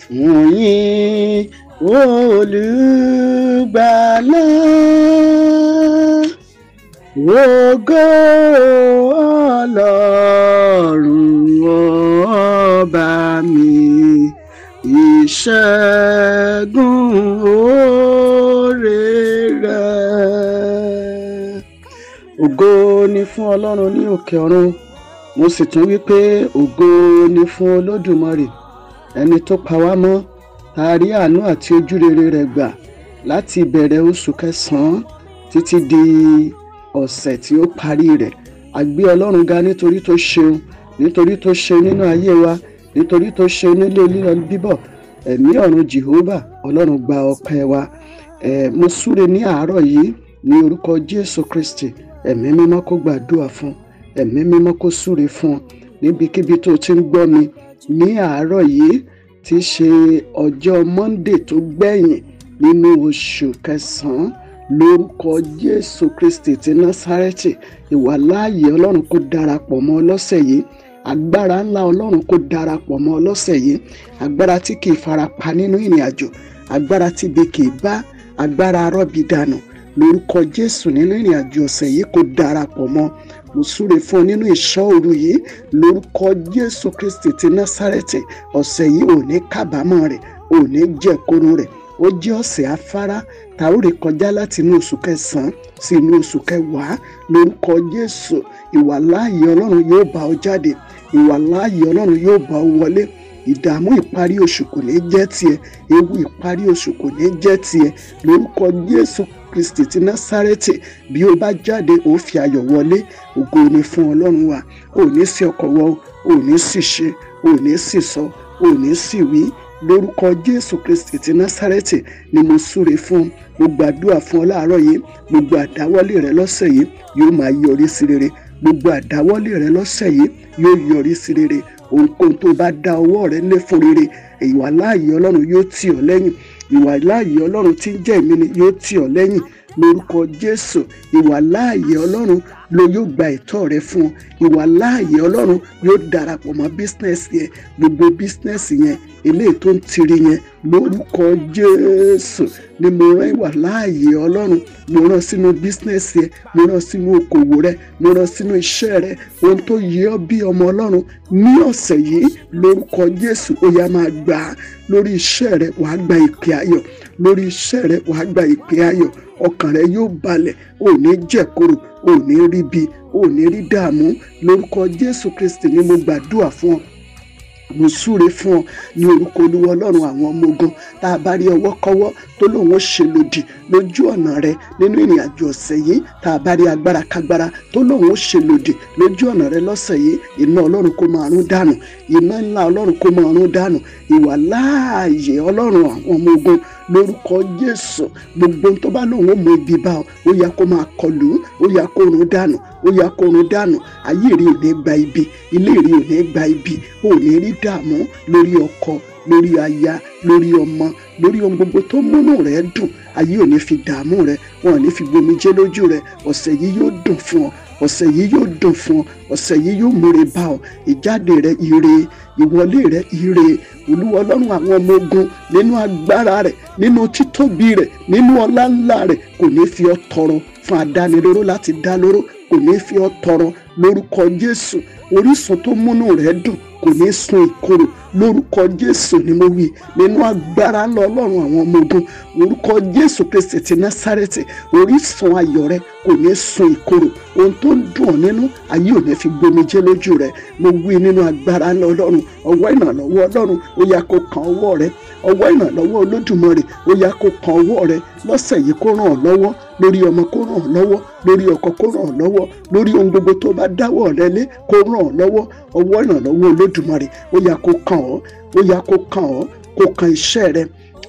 fún yín olùgbàlà ògo ọlọ́run ọba mi ìṣẹ́gun oore rẹ̀. ògo ni fún ọlọ́run ní òkè ọ̀run mo sì tún wí pé ògo ni fún olódùmarè ẹni tó pa wá mọ́ a rí àánú àti ojúrere rẹ̀ gbà láti ìbẹ̀rẹ̀ oṣù kẹsàn-án títí di ọ̀sẹ̀ tí ó parí rẹ̀ a gbé ọlọ́run ga nítorí tó ṣeun nítorí tó ṣeun nínú ayé wa nítorí tó ṣeun nílé lílọ bíbọ̀ ẹ̀mí ọ̀run Jehovah ọlọ́run gba ọpẹ́ wa ẹ̀ mo súre ní àárọ̀ yìí ní orúkọ Jésù Kristi ẹ̀mí mímọ́ kó gbàdúrà fún ẹ̀mí mímọ́ kó súre fún níbikíbi tó ti ń gbọ́ mi ní àárọ̀ yìí ti ṣe ọjọ́ monday tó gbẹ̀yìn nínú oṣù kẹsàn-án lórúkọ jésù kristi ti násárẹ́tì ìwàláàyè ọlọ́run kó darapọ̀ mọ́ ọlọ́sẹ̀ yìí agbára ńlá ọlọ́run kó darapọ̀ mọ́ ọlọ́sẹ̀ yìí agbára tí kì í farapa nínú ìrìn àjò agbára tí ibi kì bá agbára arọ́bí dànù lórúkọ jésù nínú ìrìn àjò ọ̀sẹ̀ yìí kò darapọ̀ mọ́ mo súre fún ọ nínú ìṣọ́ òru yìí lórúkọ jésù kristi ti násàrẹ̀tì ọ̀sẹ̀ yìí ò ní kábàámọ̀ rẹ̀ ò ní jẹ̀kọ́rọ̀ rẹ̀ ó jẹ́ ọ̀sẹ̀ afárá tá ó ré kọjá láti inú oṣù kẹsàn-án sí inú oṣù kẹwàá lórúkọ jésù ìwàláàyè ọlọ́run yóò bá ọ jáde ìwàláàyè ọlọ́run yóò bá ọ wọlé ìdààmú ìparí oṣù kò ní jẹ́ tiẹ̀ ewu ìparí oṣù kò ní jẹ́ tiẹ̀ lórúkọ Jésù Kristi ti Násárẹ́tì bí o bá jáde ó fi ayọ̀ wọlé ògo ni fún Ọlọ́run wa ò ní sí ọkọ̀ wọ ò ní sì ṣe ò ní sì sọ ò ní sì wí lórúkọ jésù kristi ti násárẹ́tì ni mo súre fún mo gbàdúrà fún ọ láàárọ̀ yìí gbogbo àdáwọ́lé rẹ lọ́sẹ̀ yìí yóò máa yọrí sí rere gbogbo àdáwọ́lé rẹ lọ́sẹ̀ yìí yóò yọrí sí rere ohunkóhun tó bá da ọwọ́ rẹ lé fún rere ìwà láàyè ọlọ́run yóò tì ọ́ lẹ́yìn ìwà láàyè ọlọ́run tí ń jẹ́ ìmíní yóò tì ọ́ lẹ́yìn lórúkọ jésù ìwà láàyè ọlọ́run ló yóò gba ẹ̀tọ́ rẹ fún ọ ìwà láàyè ọlọ́run yóò darapọ̀ mọ́ bísínẹ́sì yẹn gbogbo bísínẹ́sì yẹn eléyìí tó ń tiri yẹn lórúkọ jésù ni mo rán ìwà láàyè ọlọ́run mo rán sínú bísínẹ́sì yẹn mo rán sínú okòwò rẹ mo rán sínú iṣẹ́ rẹ ohun tó yẹ ọ́ bí ọmọ ọlọ́run ní ọ̀sẹ̀ yìí lórúkọ jésù ó yá máa gbà á lórí iṣẹ́ rẹ wàá gba ìpè ayọ̀ lórí iṣẹ́ rẹ wàá gba ìpè ayọ̀ ọkàn rẹ yóò balẹ̀ ò ní jẹ̀kọ̀rọ̀ ò ní rí bi ò ní rí dààmú lórúkọ Jésù Kristi ni mo gbàdúrà fún ọ mo súre fún ọ ní orúkọ olúwa ọlọ́run àwọn ọmọ ogun tá a bá rí ọwọ́ kọ́wọ́ tó lòun ó ṣe lòdì lójú ọ̀nà rẹ nínú ìrìn àjò ọ̀sẹ̀ yìí tá a bá rí agbára kágbára tó lòun ó ṣe lòdì lójú ọ̀nà rẹ lọ́sẹ̀ yìí iná ọlọ́run kó máa rún dànù iná ńlá ọlọ́run kó máa rún dànù ìwà láàyè ọlọ́run àwọn ọmọ ogun lórúkọ Jésù gbogbo tó bá lòun ó mú ibi bá ọ ó yá kó máa kọlù ó yá kó run dànù ó yá kó run dànù ayé rí ò ní gba ibi ilé rí ò gba ibi ò ní rí dààmú lórí ọkọ lórí aya lórí ọmọ lórí ohun gbogbo tó múnú rẹ dùn ayé ò fi dààmú rẹ wọn ò ní fi gbomijé lójú rẹ ọ̀sẹ̀ yìí yóò dùn fún ọ ọ̀sẹ̀ yìí yóò dùn fún ọ ọ̀sẹ̀ yìí yóò múre bá ọ ìjáde rẹ ire ìwọlé rẹ ire olúwa ọlọ́run àwọn ọmọ ogun nínú agbára rẹ nínú títóbi rẹ nínú ọlá ńlá rẹ kò ní fi ọ tọrọ fún adánilóró láti dá lóró kò ní fi ọ tọrọ lórúkọ jésù orísun tó múnú rẹ dùn kò ní sun ìkorò lórúkọ jésù ni mo wí nínú agbára lọ ọlọ́run àwọn ọmọ ogun orúkọ jésù kristi ti násárẹ́tì orísun ayọ̀ rẹ kò ní sun ìkorò ohun tó ń dùn ọ́ nínú ayé ò ní fi gbomijé lójú rẹ mo wí nínú agbára lọ ọlọ́run ọwọ́ ìrànlọ́wọ́ ọlọ́run ó yá kó kan ọwọ́ rẹ ọwọ́ ìrànlọ́wọ́ olódùmarè ó yá kó kan ọwọ́ rẹ lọ́sẹ̀ yìí kó ràn ọ́ lọ́wọ́ lórí ọmọ kó ràn ọ́ lọ́wọ́ lórí ọkọ kó ràn ọ́ lọ́wọ́ lórí ohun ràn ọ́ lọ́wọ́ ọwọ́ ìrànlọ́wọ́ olódùmarè ó yá kó kàn ọ́ ó yá kó kàn ọ́ kó kan iṣẹ́ rẹ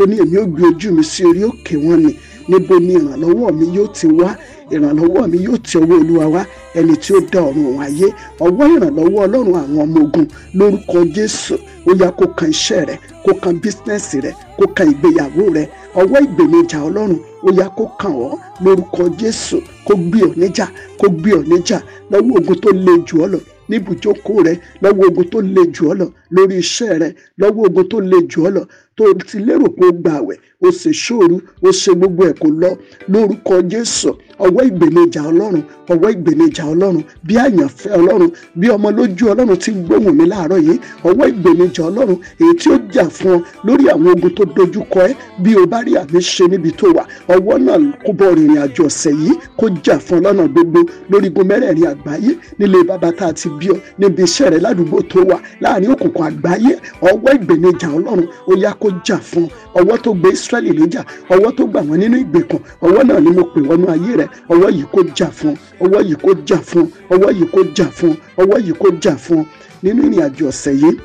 ó ní èmi ò gbé ojú mi sí orí òkè wọn ni níbo ni ìrànlọ́wọ́ mi yóò ti wá ìrànlọ́wọ́ mi yóò ti ọwọ́ olúwa wá ẹni tí ó dá ọ̀run òun ayé ọwọ́ ìrànlọ́wọ́ ọlọ́run àwọn ọmọ ogun lórúkọ jésù ó yá kó kan iṣẹ́ rẹ kó kan bísínẹ́sì rẹ kó kan ìgbéyàwó rẹ ọwọ́ ìgbènijà ọlọ́run ó yá kó kàn ọ́ lórúkọ jésù kó gbé ọ níjà kó gbé ọ níjà lọ́wọ́ ogun tó le jù ọ lọ níbùjókòó rẹ lọ́wọ́ ogun tó le jù ọ́ lọ lórí iṣẹ́ rẹ lọ́wọ́ ogun tó le jù ọ́ lọ tó ti lérò pé ó gba àwẹ̀ ó ṣe ṣòru ó ṣe gbogbo ẹ̀ kó lọ lórúkọ Jésù ọwọ́ ìgbènijà Ọlọ́run ọwọ́ ìgbènijà Ọlọ́run bí àyànfẹ́ Ọlọ́run bí ọmọ lójú Ọlọ́run ti gbóhùn mi láàárọ̀ yìí ọwọ́ ìgbènijà Ọlọ́run èyí tí ó jà fún ọ lórí àwọn ogun tó dojúkọ ẹ bí o bá rí àmì ṣe níbi tó wà ọwọ́ náà kó bọ rìnrìn àjò ọ̀sẹ̀ yìí kó jà fún ọ gbogbo lórí igun mẹ́rẹ̀ẹ̀rin àgbáyé nílé bàbá tá a ti bí ọ níbi iṣẹ́ rẹ ládùúgbò tó wà láàrin òkùnkùn àgbáyé ọwọ́ ìgbènijà Ọlọ́run ó yá kó jà fún ọwọ́ tó gbé Ísírẹ́lì níjà ọwọ́ tó gbà wọ́n nínú ìgbèkùn ọwọ́ náà ni mo pè wọnú ayé rẹ ọwọ́ yìí kó jà fún ọwọ́ yìí kó jà fún ọwọ́ yìí kó jà fún ọwọ́ yìí kó jà fún nínú ìrìn àjò ọ̀sẹ̀ yìí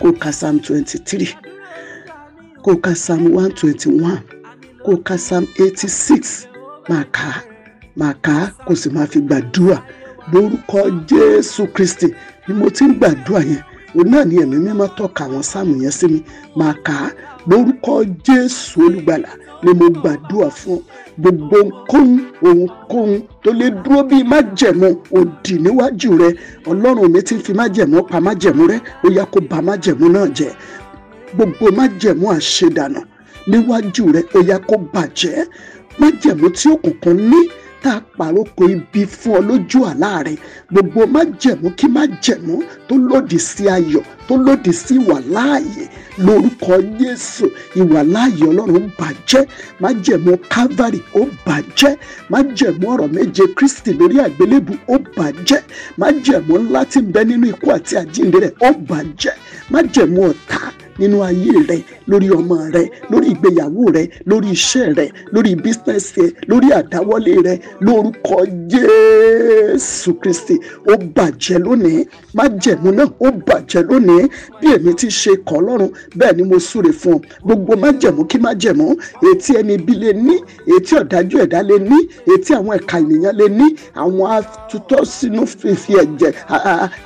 kó ka psalm twenty three kó ka psalm one twenty one kó ka psalm eighty six máa kà máa kà kó sì máa fi gbàdúrà lórúkọ Jésù Kristi ni mo ti ń gbàdúrà yẹn òun náà ni ẹ̀mí mímọ́ tọ́ka àwọn sáàmù yẹn sí mi máa kà á lórúkọ jésù olùgbàlà ni mo gbàdúrà fún gbogbo nkóhun ohunkóhun tó lè dúró bíi májẹ̀mú òdì níwájú rẹ ọlọ́run mi ti fi májẹ̀mú pa májẹ̀mú rẹ ó yá kó bà májẹ̀mú náà jẹ́ gbogbo májẹ̀mú àṣedànù níwájú rẹ ó yá kó bàjẹ́ májẹ̀mú tí òkùnkùn ní tá a pàrókò ibi fún ọ lójú àlá rẹ gbogbo májẹ̀mú kí májẹ̀mú tó lòdì sí ayọ̀ tó lòdì sí ìwà láàyè lórúkọ Jésù ìwà láàyè Ọlọ́run ó bàjẹ́ májẹ̀mú Calvary ó bàjẹ́ májẹ̀mú ọ̀rọ̀ méje Kristi lórí àgbélébù ó bàjẹ́ májẹ̀mú ńlá tí bẹ nínú ikú àti àjíǹde rẹ̀ ó bàjẹ́ májẹ̀mú ọ̀tá nínú ayé rẹ lórí ọmọ rẹ lórí ìgbéyàwó rẹ lórí iṣẹ́ rẹ lórí bísínẹ́sì rẹ lórí àdáwọ́lé rẹ lórúkọ Jésù Kristi ó bàjẹ́ lónìí májẹ̀mú náà ó bàjẹ́ lónìí bí èmi ti ṣe kọ́ lọ́rùn bẹ́ẹ̀ ni mo súre fún ọ gbogbo májẹ̀mú kí májẹ̀mú etí ẹni ibi lè ní etí ọ̀dájú ẹ̀dá lè ní etí àwọn ẹ̀ka ènìyàn lè ní àwọn atutọ́ sínú fífi ẹ̀jẹ̀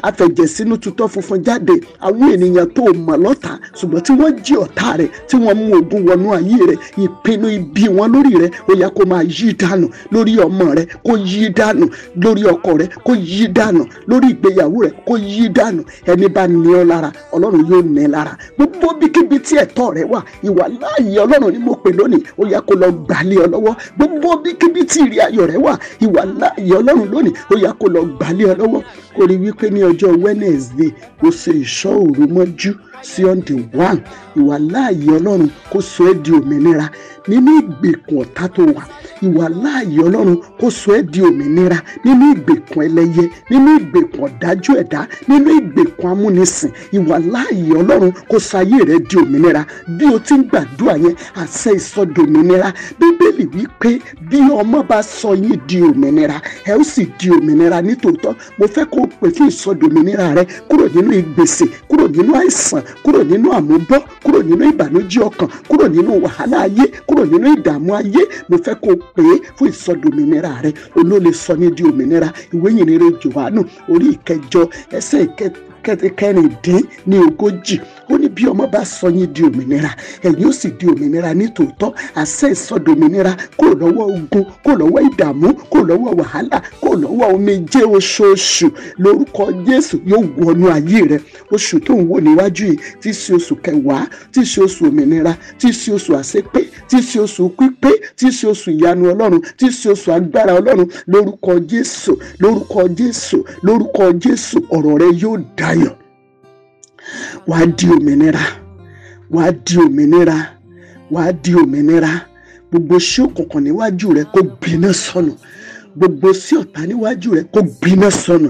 afẹ̀jẹ̀ sínú tutọ́ funfun jáde àwọn ènìyàn tó mọ̀ lọ́ta ṣùgbọ́n tí wọ́n jí ọ̀tá rẹ̀ tí wọ́n mú ogun wọnú ayé rẹ̀ ìpinnu ibi wọn lórí rẹ̀ ó yẹ kó máa yí dànù lórí ọmọ rẹ̀ kó yí dànù lórí ọkọ rẹ̀ kó yí dànù lórí ìgbéyàwó rẹ̀ kó yí dànù ẹni bá ní ọ lára ọlọ́run yóò ní lára gbogbo bíkíbi tí ẹ̀tọ́ rẹ̀ wà ìwà láàyè ọlọ́run ni mo pè lónìí ó yẹ kó lọ gbalẹ̀ ọ lọ́wọ́ gbogbo bíkíbi tí ìrìn ayọ̀ rẹ̀ wà ìwà láàyè ọlọ́run lónìí ó yẹ kó lọ gbalẹ̀ ọ lọ́wọ́ kó rí wípé ní ọjọ́ Wednesday kó ṣe ìṣọ́ òru mọ́jú sí on the one ìwàláàyè Ọlọ́run kó sọ ẹ́ di òmìnira nínú ìgbèkùn ọ̀tá tó wà ìwà láàyè ọlọ́run kó sọ ẹ́ di òmìnira nínú ìgbèkùn ẹlẹ́yẹ nínú ìgbèkùn ọ̀dájú ẹ̀dá nínú ìgbèkùn amúnisìn ìwà láàyè ọlọ́run kó sọ ayé rẹ di òmìnira bí o ti ń gbàdúrà yẹn àṣẹ ìsọdòmìnira bíbélì wípé bí ọmọ bá sọ yín di òmìnira ẹ ó sì di òmìnira nítòótọ́ mo fẹ́ kó o pè fún ìsọdòmìnira rẹ kúrò nínú ìgbèsè kúrò nínú àìsàn kúrò nínú àmúbọ́ kúrò nínú ìbànújẹ́ ọkàn kúrò nínú wàhálà ayé kúrò kúrò nínú ìdààmú ayé mo fẹ́ kó o pè é fún ìsọdòmìnira rẹ olóòlè sọ ní di òmìnira ìwé ìyìnrere Jòhánù orí ìkẹjọ ẹsẹ̀ ìkẹta kẹrìndín ní ogójì ó ní bí ọmọ bá sọ yín di òmìnira ẹ̀yin ó sì di òmìnira nítòótọ́ àṣẹ ìsọdòmìnira kò lọ́wọ́ ogun kò lọ́wọ́ ìdààmú kò lọ́wọ́ wàhálà kò lọ́wọ́ omijé oṣooṣù lórúkọ Jésù yóò wọnú ayé rẹ oṣù tó ń wò níwájú yìí tí í ṣe oṣù kẹwàá tí í ṣe oṣù òmìnira tí í ṣe oṣù àṣepé tí í ṣe oṣù pípé tí í ṣe oṣù ìyanu Ọlọ́run tí í ṣe oṣù agbára Ọlọ́run lórúkọ Jésù lórúkọ Jésù lórúkọ Jésù ọ̀rọ̀ rẹ yóò dayọ̀ wàá di òmìnira wàá di òmìnira wàá di òmìnira gbogbo sí òkùnkùn níwájú rẹ kó gbiná sọnù gbogbo sí ọ̀tá níwájú rẹ kó gbiná sọnù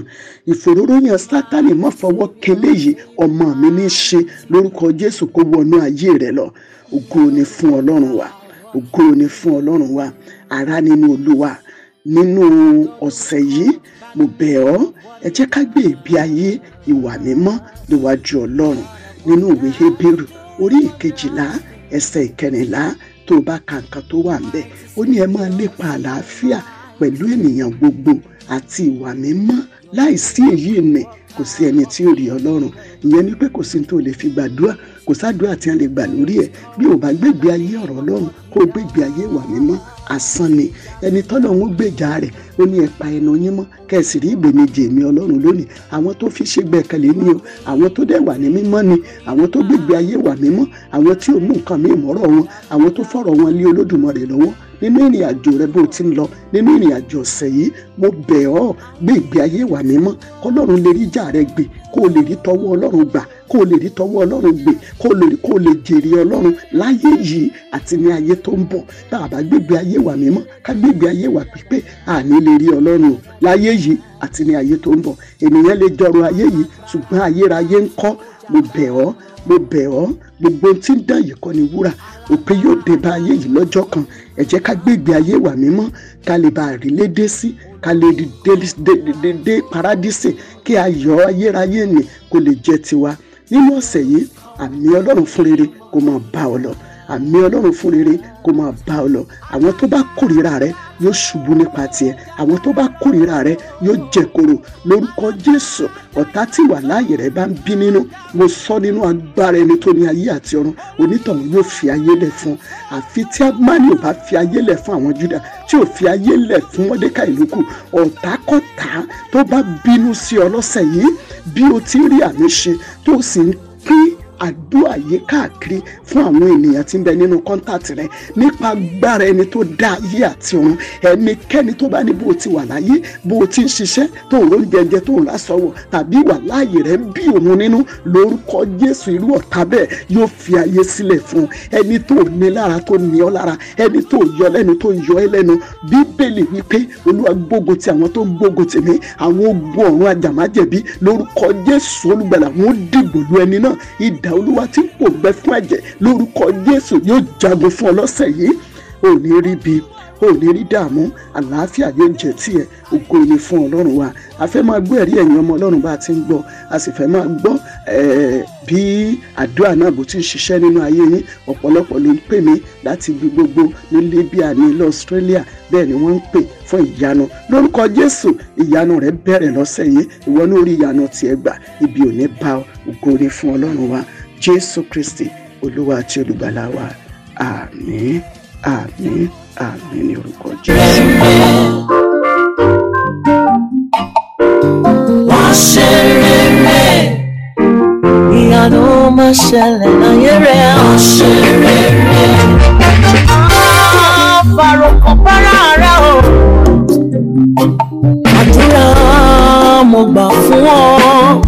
ìfòróróyàn sátani má fọwọ́ kélé yìí ọmọ mi ní í ṣe lórúkọ jésù kó wọnú ayé rẹ lọ ògo ni fún ọlọ́run wa ògo ni fún ọlọ́run wa ará nínú olúwa nínú ọ̀sẹ̀ yìí mo bẹ̀ ọ́ ẹ jẹ́ ká gbé ìgbé ayé ìwà mímọ́ níwájú ọlọ́run nínú ìwé Hébérù orí ìkejìlá ẹsẹ̀ ìkẹrìnlá tó o bá ka nǹkan tó wà ńbẹ̀ ó ní ẹ máa lépa àlàáfíà pẹ̀lú ènìyàn gbogbo àti ìwà mímọ́ láìsí èyí nì kò sí ẹni tí ò rí ọlọ́run ìyẹn ni pé kò sí tó lè fi gbàdúrà kò sádùúrà tí a lè gbà lórí ẹ̀ bí ò bá gbègbè ayé ọ̀rọ̀ ọlọ́run kó gbègbè ayé wà mímọ́ asán ni ẹni tọ́lọ̀ ń gbèjà rẹ̀ ó ní ẹ̀pa ẹnu yín mọ́ kẹ̀sì rí ìbèmejì èmi ọlọ́run lónìí àwọn tó fi ṣe gbẹ̀kẹ̀lé ni o àwọn tó dẹ̀ wà ní mímọ́ ni àwọn tó gbègbè ayé wà mímọ́ àwọn tí ò mú nǹkan mí ìmọ̀rọ̀ wọn àwọn tó fọ̀rọ̀ wọn lé Olódùmarè lọ́wọ́ nínú ìrìn àjò rẹ bó ti ń lọ nínú ìrìn àjò ọ̀sẹ̀ yìí mo bẹ̀ ọ́ gbé ìgbé ayé wà mímọ́ kọ́lọ́run lè rí ìjà rẹ gbé kó o lè rí tọwọ́ ọlọ́run gbà kó o lè rí tọwọ́ ọlọ́run gbè kó o lè kó o lè jèrè ọlọ́run láyé yìí àti ní ayé tó ń bọ̀ tá a bá gbégbé ayé wà mímọ́ ká gbégbé ayé wà pípé àní lè rí ọlọ́run láyé yìí àti ní ayé tó ń bọ̀ ènìyàn lè jọrọ ayé yìí ṣùgbọ́n ayérayé ń kọ́ mo bẹ̀ ọ́ mo bẹ̀ ọ́ gbogbo tí ń dán yìí kọ́ ni wúrà òpin yóò dé bá ayé yìí lọ́jọ́ kan ẹ jẹ́ ká gbégbé ayé wa mímọ́ ká lè bá àrílé dé sí ká lè dé paradísè kí ayọ̀ ayérayé nì kó lè jẹ́ tiwa nínú ọ̀sẹ̀ yìí àmì ọlọ́run fún rere kó máa bá ọ lọ àmì ọlọ́run fún rere kó máa bá ọ lọ àwọn tó bá kórìíra rẹ yóò ṣubú nípa tiẹ̀ àwọn tó bá kórìíra rẹ yóò jẹ̀koro lórúkọ jésù ọ̀tá tí wà láàyè rẹ bá ń bí nínú mo sọ nínú agbára ẹni tó ní ayé àti ọ̀run onítọ̀hún yóò fi ayé lẹ̀ fún àfi tí amáni ò bá fi ayé lẹ̀ fún àwọn júdà tí ò fi ayé lẹ̀ fún mọ́dékà ìlú kù ọ̀tákọ̀tá tó bá bínú sí ọ yìí bí o ti rí àmì ṣe tó sì ń pín àdúrà yìí káàkiri fún àwọn ènìyàn tí ń bẹ nínú kọ́ńtàtì rẹ nípa agbára ẹni tó dá ayé àti ọ̀run ẹnikẹ́ni tó bá ní bó ti wà láyé bó ti ń ṣiṣẹ́ tó ń ro jẹjẹ tó ń lásọwọ́ tàbí wà láàyè rẹ ń bí òun nínú lórúkọ Jésù irú ọ̀tá bẹ́ẹ̀ yóò fi ayé sílẹ̀ fún ẹni tó ní lára tó ní ọ lára ẹni tó yọ lẹ́nu tó yọ ẹ lẹ́nu Bíbélì wípé Olúwa gbógun ti ẹ̀dá olúwa tí ń pòǹgbẹ fún ẹ̀jẹ̀ lórúkọ Jésù yóò jagun fún ọ lọ́sẹ̀ yìí ò ní rí bi ò ní rí dààmú àlàáfíà yóò jẹ tiẹ̀ ògo ni fún Ọlọ́run wa a fẹ́ máa gbọ́ ẹ̀rí ẹ̀yin ọmọ Ọlọ́run bá a ti ń gbọ́ a sì fẹ́ máa gbọ́ bí àdúrà náà bó ti ń ṣiṣẹ́ nínú ayé yín ọ̀pọ̀lọpọ̀ ló ń pè mí láti ibi gbogbo ní Libya ní ilẹ̀ Australia bẹ́ẹ̀ ni wọ́n ń pè fún ìyanu lórúkọ Jésù ìyanu rẹ̀ bẹ̀rẹ̀ lọ́sẹ̀ yìí ìwọ ní orí ìyanu tiẹ̀ gbà ibi ò ní bá ògo ni fún Ọlọ́run wa jésù kristi olúwa àti olùgbàlà wa àmín àmín àmín ní orúkọ jésù. wọ́n ṣe rere ìyanu máa ṣẹlẹ̀ láyé rẹ̀ wọ́n ṣe rere. àfàròkọ bára ara o àdúrà mo gbà fún ọ.